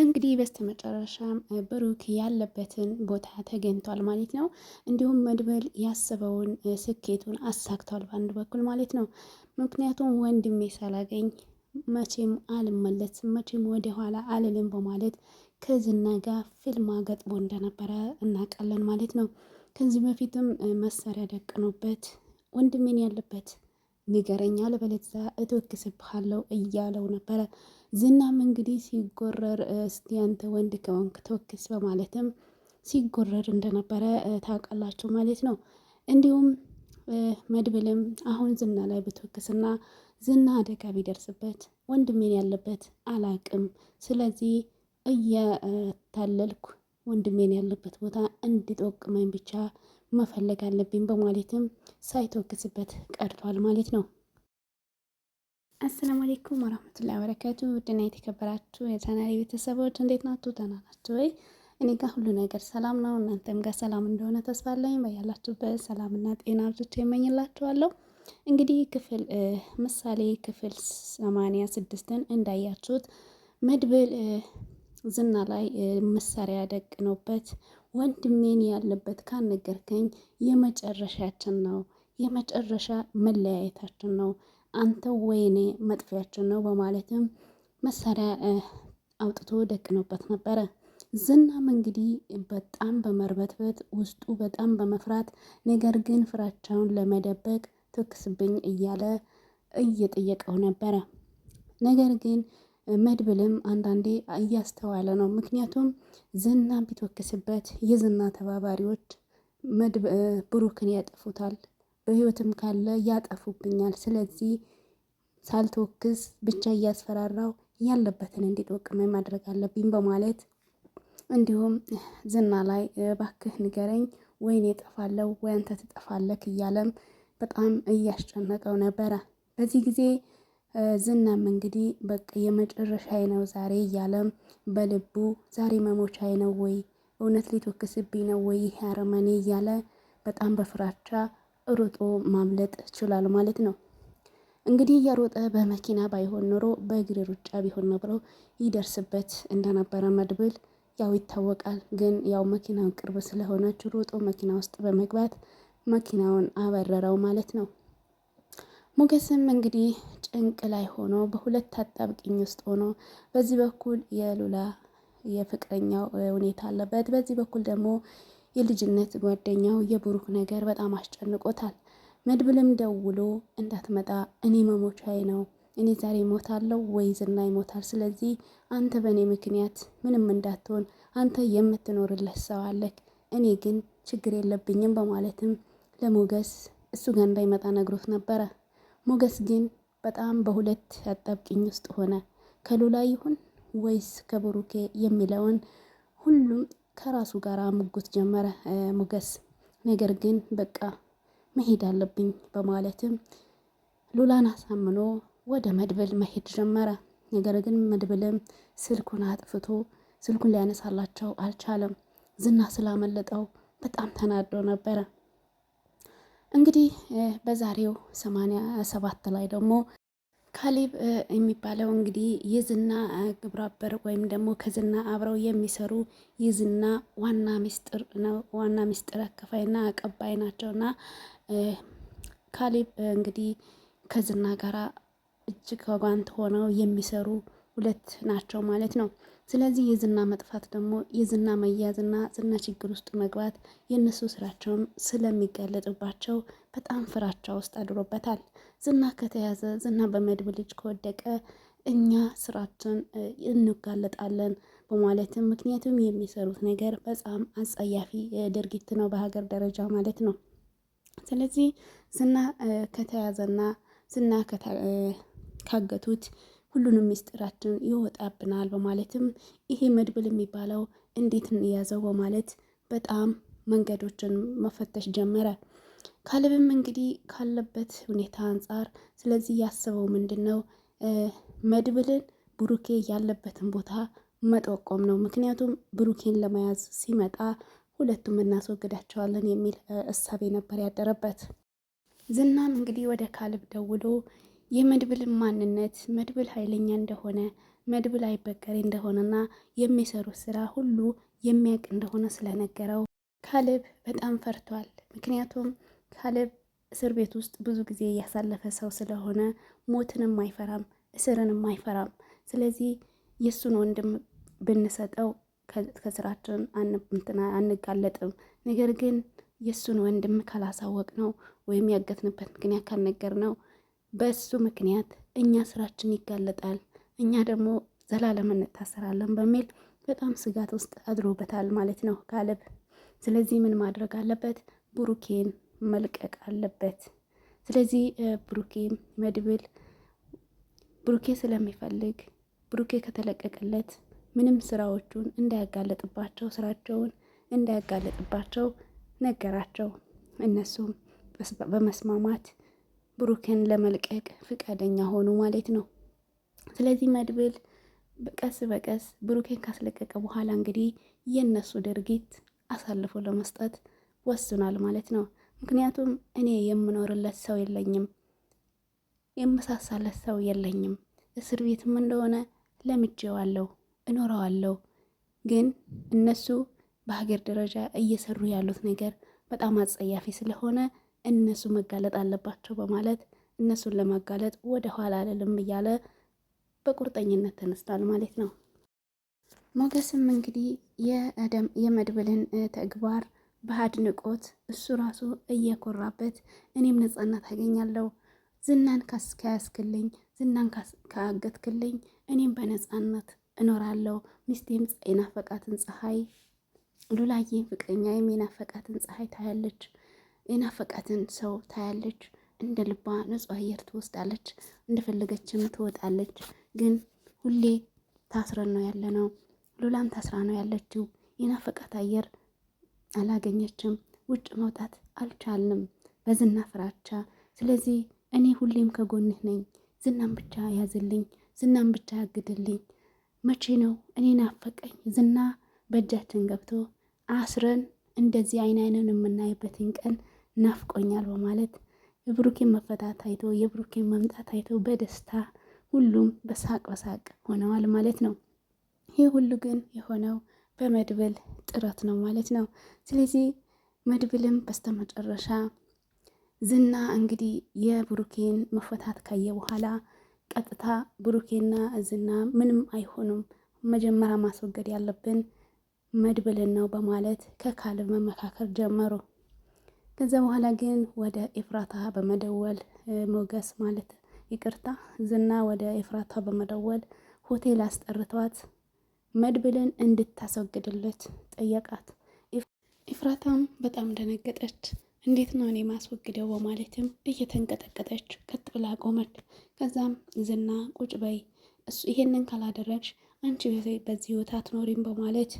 እንግዲህ በስተመጨረሻም ብሩክ ያለበትን ቦታ ተገኝቷል ማለት ነው። እንዲሁም መድበል ያሰበውን ስኬቱን አሳክቷል በአንድ በኩል ማለት ነው። ምክንያቱም ወንድሜ ሳላገኝ መቼም አልመለስም፣ መቼም ወደኋላ አልልም በማለት ከዝና ጋር ፊልም ገጥቦ እንደነበረ እናውቃለን ማለት ነው። ከዚህ በፊትም መሳሪያ ደቅኖበት ወንድሜን ያለበት ንገረኝ፣ አለበለዚያ እተወክስብሃለሁ እያለው ነበረ። ዝናም እንግዲህ ሲጎረር እስቲ አንተ ወንድ ከሆንክ ተወክስ በማለትም ሲጎረር እንደነበረ ታውቃላችሁ ማለት ነው። እንዲሁም መድብልም አሁን ዝና ላይ ብትወክስና ዝና አደጋ ቢደርስበት ወንድሜን ያለበት አላቅም፣ ስለዚህ እየታለልኩ ወንድሜን ያለበት ቦታ እንድጠቅመኝ ብቻ መፈለግ አለብኝ በማለትም ሳይተወክስበት ቀርቷል ማለት ነው። አሰላሙ አሌይኩም ወራህመቱላሂ ወበረካቱ ውድና የተከበራችሁ የተናሪ ቤተሰቦች እንዴት ናችሁ? ደህና ናችሁ ወይ? እኔ ጋር ሁሉ ነገር ሰላም ነው። እናንተም ጋር ሰላም እንደሆነ ተስፋ አለኝ። በያላችሁበት ሰላምና ጤና ብዙት የመኝላችኋለሁ። እንግዲህ ክፍል ምሳሌ ክፍል ሰማንያ ስድስትን እንዳያችሁት መድብል ዝና ላይ መሳሪያ ደቅኖበት ወንድሜን ያለበት ካልነገርከኝ የመጨረሻችን ነው፣ የመጨረሻ መለያየታችን ነው፣ አንተ ወይኔ መጥፊያችን ነው በማለትም መሳሪያ አውጥቶ ደቅኖበት ነበረ። ዝናም እንግዲህ በጣም በመርበትበት ውስጡ በጣም በመፍራት ነገር ግን ፍራቻውን ለመደበቅ ትክስብኝ እያለ እየጠየቀው ነበረ ነገር ግን መድብልም አንዳንዴ እያስተዋለ ነው። ምክንያቱም ዝና ቢተወክስበት የዝና ተባባሪዎች ብሩክን ያጠፉታል፣ በህይወትም ካለ ያጠፉብኛል። ስለዚህ ሳልተወክስ ብቻ እያስፈራራው ያለበትን እንዲጠቅመ ማድረግ አለብኝ በማለት እንዲሁም ዝና ላይ ባክህ ንገረኝ፣ ወይን የጠፋለው ወይ አንተ እያለም በጣም እያስጨነቀው ነበረ በዚህ ጊዜ ዝናም እንግዲህ በቃ የመጨረሻዬ ነው ዛሬ እያለም በልቡ ዛሬ መሞቻዬ ነው ወይ እውነት ሊተክስብኝ ነው ወይ ይህ አረመኔ እያለ በጣም በፍራቻ ሩጦ ማምለጥ ችሏል ማለት ነው። እንግዲህ እየሮጠ በመኪና ባይሆን ኖሮ በእግር ሩጫ ቢሆን ኖሮ ይደርስበት እንደነበረ መድብል ያው ይታወቃል። ግን ያው መኪናው ቅርብ ስለሆነች ሮጦ መኪና ውስጥ በመግባት መኪናውን አበረረው ማለት ነው። ሞገስም እንግዲህ ጭንቅ ላይ ሆኖ በሁለት አጣብቂኝ ውስጥ ሆኖ በዚህ በኩል የሉላ የፍቅረኛው ሁኔታ አለበት፣ በዚህ በኩል ደግሞ የልጅነት ጓደኛው የብሩክ ነገር በጣም አስጨንቆታል። መድብልም ደውሎ እንዳትመጣ እኔ መሞቻዬ ነው፣ እኔ ዛሬ እሞታለሁ ወይ ዝና ይሞታል። ስለዚህ አንተ በእኔ ምክንያት ምንም እንዳትሆን፣ አንተ የምትኖርለት ሰው አለክ፣ እኔ ግን ችግር የለብኝም በማለትም ለሞገስ እሱ ጋር እንዳይመጣ ነግሮት ነበረ። ሞገስ ግን በጣም በሁለት አጣብቂኝ ውስጥ ሆነ። ከሉላ ይሁን ወይስ ከብሩኬ የሚለውን ሁሉም ከራሱ ጋር ሙግት ጀመረ ሞገስ። ነገር ግን በቃ መሄድ አለብኝ በማለትም ሉላን አሳምኖ ወደ መድብል መሄድ ጀመረ። ነገር ግን መድብልም ስልኩን አጥፍቶ ስልኩን ሊያነሳላቸው አልቻለም። ዝና ስላመለጠው በጣም ተናዶ ነበረ። እንግዲህ በዛሬው ሰማንያ ሰባት ላይ ደግሞ ካሊብ የሚባለው እንግዲህ የዝና ግብረ ወይም ደግሞ ከዝና አብረው የሚሰሩ የዝና ዋና ሚስጥር ነው ዋና ሚስጥር አከፋይና አቀባይ ናቸው። ናቸውና ካሊብ እንግዲህ ከዝና ጋራ እጅግ ከጓንት ሆነው የሚሰሩ ሁለት ናቸው ማለት ነው። ስለዚህ የዝና መጥፋት ደግሞ የዝና መያዝና ዝና ችግር ውስጥ መግባት የእነሱ ስራቸውን ስለሚጋለጥባቸው በጣም ፍራቻ ውስጥ አድሮበታል። ዝና ከተያዘ ዝና በመድብ ልጅ ከወደቀ እኛ ስራችን እንጋለጣለን በማለትም ምክንያቱም የሚሰሩት ነገር በጣም አጸያፊ ድርጊት ነው በሀገር ደረጃ ማለት ነው። ስለዚህ ዝና ከተያዘና ዝና ካገቱት ሁሉንም ሚስጥራችን ይወጣብናል በማለትም ይሄ መድብል የሚባለው እንዴት እንያዘው በማለት በጣም መንገዶችን መፈተሽ ጀመረ። ካለብም እንግዲህ ካለበት ሁኔታ አንጻር ስለዚህ ያስበው ምንድን ነው መድብልን ብሩኬ ያለበትን ቦታ መጠቆም ነው። ምክንያቱም ብሩኬን ለመያዝ ሲመጣ ሁለቱም እናስወግዳቸዋለን የሚል እሳቤ ነበር ያደረበት። ዝናም እንግዲህ ወደ ካልብ ደውሎ የመድብል ማንነት መድብል ኃይለኛ እንደሆነ መድብል አይበገሬ እንደሆነና የሚሰሩት ስራ ሁሉ የሚያውቅ እንደሆነ ስለነገረው ካሌብ በጣም ፈርቷል። ምክንያቱም ካሌብ እስር ቤት ውስጥ ብዙ ጊዜ ያሳለፈ ሰው ስለሆነ ሞትንም አይፈራም፣ እስርንም አይፈራም። ስለዚህ የእሱን ወንድም ብንሰጠው ከስራችን አንጋለጥም። ነገር ግን የእሱን ወንድም ካላሳወቅ ነው ወይም ያገትንበት ምክንያት ካልነገር ነው በሱ ምክንያት እኛ ስራችን ይጋለጣል፣ እኛ ደግሞ ዘላለም እንታሰራለን በሚል በጣም ስጋት ውስጥ አድሮበታል ማለት ነው ካለብ። ስለዚህ ምን ማድረግ አለበት? ብሩኬን መልቀቅ አለበት። ስለዚህ ብሩኬ መድብል ብሩኬ ስለሚፈልግ ብሩኬ ከተለቀቀለት ምንም ስራዎቹን እንዳያጋለጥባቸው ስራቸውን እንዳያጋለጥባቸው ነገራቸው። እነሱም በመስማማት ብሩክን ለመልቀቅ ፍቃደኛ ሆኑ ማለት ነው። ስለዚህ መድብል ቀስ በቀስ ብሩኬን ካስለቀቀ በኋላ እንግዲህ የነሱ ድርጊት አሳልፎ ለመስጠት ወስኗል ማለት ነው። ምክንያቱም እኔ የምኖርለት ሰው የለኝም፣ የምሳሳለት ሰው የለኝም። እስር ቤትም እንደሆነ ለምጄዋለሁ፣ እኖረዋለሁ። ግን እነሱ በሀገር ደረጃ እየሰሩ ያሉት ነገር በጣም አጸያፊ ስለሆነ እነሱ መጋለጥ አለባቸው በማለት እነሱን ለማጋለጥ ወደ ኋላ አልልም እያለ በቁርጠኝነት ተነስቷል ማለት ነው። ሞገስም እንግዲህ የመድብልን ተግባር በአድንቆት እሱ ራሱ እየኮራበት እኔም ነጻነት አገኛለሁ ዝናን ከያስክልኝ ዝናን ካገትክልኝ እኔም በነጻነት እኖራለሁ። ሚስቴም የናፈቃትን ፀሐይ ሉላዬ ፍቅረኛ የናፈቃትን ፀሐይ ታያለች። የናፈቃትን ሰው ታያለች። እንደ ልቧ ንጹህ አየር ትወስዳለች። እንደፈለገችም ትወጣለች። ግን ሁሌ ታስረን ነው ያለ ነው። ሉላም ታስራ ነው ያለችው። የናፈቃት አየር አላገኘችም። ውጭ መውጣት አልቻልንም በዝና ፍራቻ። ስለዚህ እኔ ሁሌም ከጎንህ ነኝ። ዝናም ብቻ ያዝልኝ፣ ዝናም ብቻ ያግድልኝ። መቼ ነው እኔ ናፈቀኝ ዝና በእጃችን ገብቶ አስረን እንደዚህ አይን አይንን የምናይበትን ቀን ናፍቆኛል በማለት የብሩኬን መፈታት አይቶ የብሩኬን መምጣት አይቶ በደስታ ሁሉም በሳቅ በሳቅ ሆነዋል ማለት ነው። ይህ ሁሉ ግን የሆነው በመድብል ጥረት ነው ማለት ነው። ስለዚህ መድብልም በስተመጨረሻ ዝና እንግዲህ የብሩኬን መፈታት ካየ በኋላ ቀጥታ ብሩኬና ዝና ምንም አይሆኑም፣ መጀመሪያ ማስወገድ ያለብን መድብልን ነው በማለት ከካልብ መመካከር ጀመሩ። ከዛ በኋላ ግን ወደ ኤፍራታ በመደወል ሞገስ ማለት ይቅርታ ዝና ወደ ኤፍራታ በመደወል ሆቴል አስጠርተዋት መድብልን እንድታስወግድለት ጠየቃት። ኤፍራታም በጣም ደነገጠች። እንዴት ነው እኔ ማስወግደው በማለትም እየተንቀጠቀጠች ቀጥ ብላ ቆመች። ከዛም ዝና ቁጭ በይ እሱ ይሄንን ካላደረግሽ አንቺ በዚህ ሕይወት አትኖሪም በማለት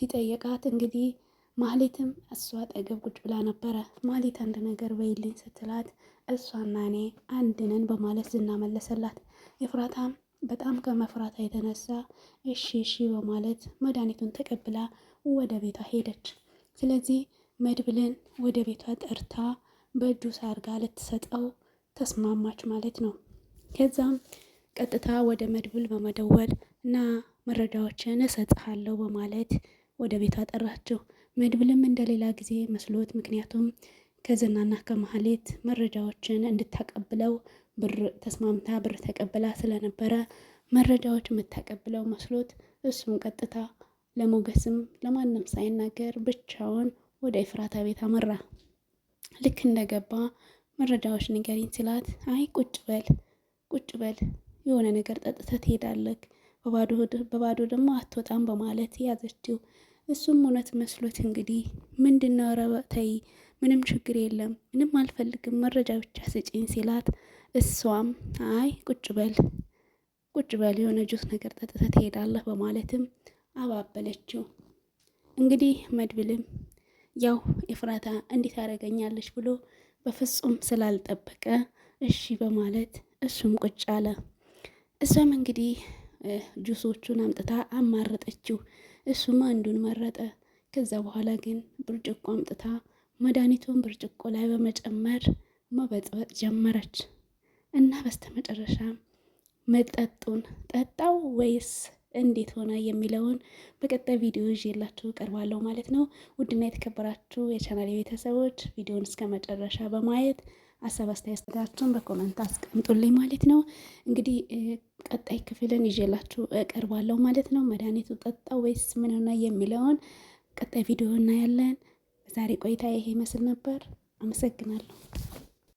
ሲጠየቃት እንግዲህ ማህሌትም እሷ አጠገብ ቁጭ ብላ ነበረ። ማህሌት አንድ ነገር በይልኝ ስትላት እሷና እኔ አንድንን በማለት ዝና መለሰላት። ኤፍራታም በጣም ከመፍራታ የተነሳ እሺ እሺ በማለት መድኃኒቱን ተቀብላ ወደ ቤቷ ሄደች። ስለዚህ መድብልን ወደ ቤቷ ጠርታ በእጁ ሳርጋ ልትሰጠው ተስማማች ማለት ነው። ከዛም ቀጥታ ወደ መድብል በመደወል እና መረጃዎችን እሰጥሃለሁ በማለት ወደ ቤቷ ጠራችው። መድብልም እንደሌላ ጊዜ መስሎት ምክንያቱም ከዝናና ከመሀሌት መረጃዎችን እንድታቀብለው ብር ተስማምታ ብር ተቀብላ ስለነበረ መረጃዎች የምታቀብለው መስሎት እሱም ቀጥታ ለሞገስም ለማንም ሳይናገር ብቻውን ወደ ኤፍራታ ቤት አመራ። ልክ እንደገባ መረጃዎች ንገሪኝ ሲላት አይ ቁጭ በል ቁጭ በል የሆነ ነገር ጠጥተህ ትሄዳለህ፣ በባዶ ደግሞ አትወጣም በማለት ያዘችው። እሱም እውነት መስሎት እንግዲህ ምንድን ነው ኧረ ተይ ምንም ችግር የለም ምንም አልፈልግም መረጃ ብቻ ስጪን ሲላት እሷም አይ ቁጭ በል ቁጭ በል የሆነ ጁስ ነገር ጠጥተህ ትሄዳለህ በማለትም አባበለችው። እንግዲህ መድብልም ያው ኤፍራታ እንዴት ታደርገኛለች ብሎ በፍጹም ስላልጠበቀ እሺ በማለት እሱም ቁጭ አለ። እሷም እንግዲህ ጁሶቹን አምጥታ አማረጠችው። እሱም አንዱን መረጠ። ከዛ በኋላ ግን ብርጭቆ አምጥታ መድኃኒቱን ብርጭቆ ላይ በመጨመር መበጥበጥ ጀመረች እና በስተመጨረሻ መጠጡን ጠጣው ወይስ እንዴት ሆነ የሚለውን በቀጣይ ቪዲዮ ይዤላችሁ ቀርባለሁ ማለት ነው። ውድና የተከበራችሁ የቻናል ቤተሰቦች ቪዲዮን እስከ መጨረሻ በማየት ሀሳብ አስተያየታችሁን በኮመንት አስቀምጡልኝ ማለት ነው እንግዲህ ቀጣይ ክፍልን ይዤላችሁ እቀርባለሁ ማለት ነው። መድኃኒቱ ጠጣ ወይስ ምን ሆነ የሚለውን ቀጣይ ቪዲዮ እናያለን። ዛሬ ቆይታ ይሄ ይመስል ነበር። አመሰግናለሁ።